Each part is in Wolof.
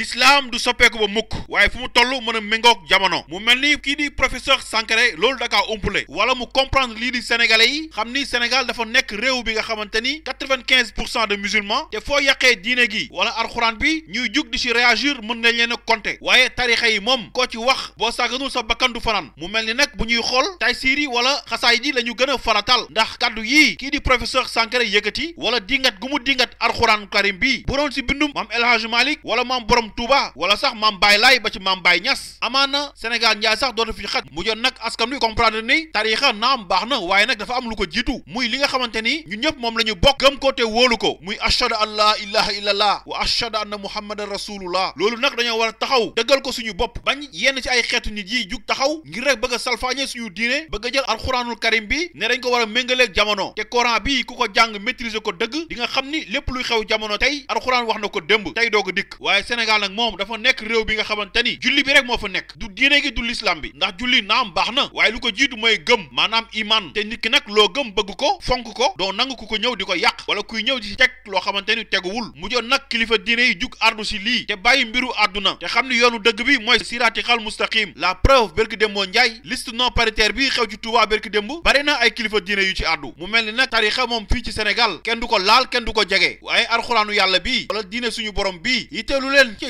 l'islam du soppeeku muk mukk waye fumu tollu toll mën a jamono mu melni ki di professeur Sankharé loolu ka umpule wala mu comprendre li di sénégalais yi Sénégal dafa nek rew bi nga 95% de musulmans te fo yaqé diiné gi wala alcorane bi ñuy juk di ci réagir mën nañ leen a waye waaye tarixa yi mom ko ci wax bo sàgganul sa bakkan du mu melni nak bu ñuy xol tay yi wala xasaay ji lañu gëna faratal ndax kaddu yi ki di professeur sankare yëkëti wala dingat gumu dingat alcorane karim bi bu ron ci bindum mam El wala mam borom borom Touba wala sax maam Baye Laay ba ci maam Baye Ñas amaana Sénégal njaay sax doon na fi xat mu joon nag askan wi comprendre ni tariixa naam baax na waaye nag dafa am lu ko jiitu muy li nga xamante ni ñun ñëpp moom la ñu bokk gëm ko te woolu ko muy ashhadu an laa ilaha illallah wa ashhadu anna muhammadan rasulullah loolu nag dañoo war a taxaw dëggal ko suñu bopp bañ yenn ci ay xeetu nit yi jug taxaw ngir rek bëgg a salfaañe suñu diine bëgg a jël alxuraanul karim bi ne dañ ko war a méngaleeg jamono te coran bi ku ko jàng maîtriser ko dëgg di nga xam ni lépp luy xew jamono tey alxuraan wax na ko démb tey doo ko dikk Sénégal nag moom dafa nekk réew bi nga xamante ni julli bi rek moo fa du diine gi du l'islam bi ndax julli naam baax na lu ko jitu mooy gëm maanaam iman te nit ki nag loo gëm bëgg ko fonk ko doo nangu ku ko ñëw di ko yàq wala kuy ñëw di teg loo xamante ni teguwul mujjoon nak kilifa diine yi jug ardu si lii te bàyyi mbiru àdduna te xam yoonu dëgg bi mooy siraatal mustaqim la preuve berki démboo njaay liste non paritaire bi xew ci Touba berki démb bari na ay kilifa diine yu ci àddu mu mel ni nag tarixa moom ci Sénégal kenn du ko laal kenn du ko jege waaye alxuraanu yàlla bi wala diine suñu borom bi ite leen ci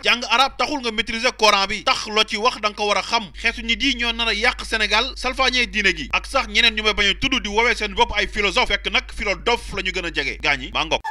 histoire jàng arab taxul nga maîtriser coran bi tax loo ci wax da ko war a xam xeetu ñi di ñoo nar a yàq Sénégal salfaañee diine gi ak sax ñeneen ñu may bañ a tudd di woowee seen bopp ay philosophe fekk nag philodophe la ñu gën a jege gaañi maa ngok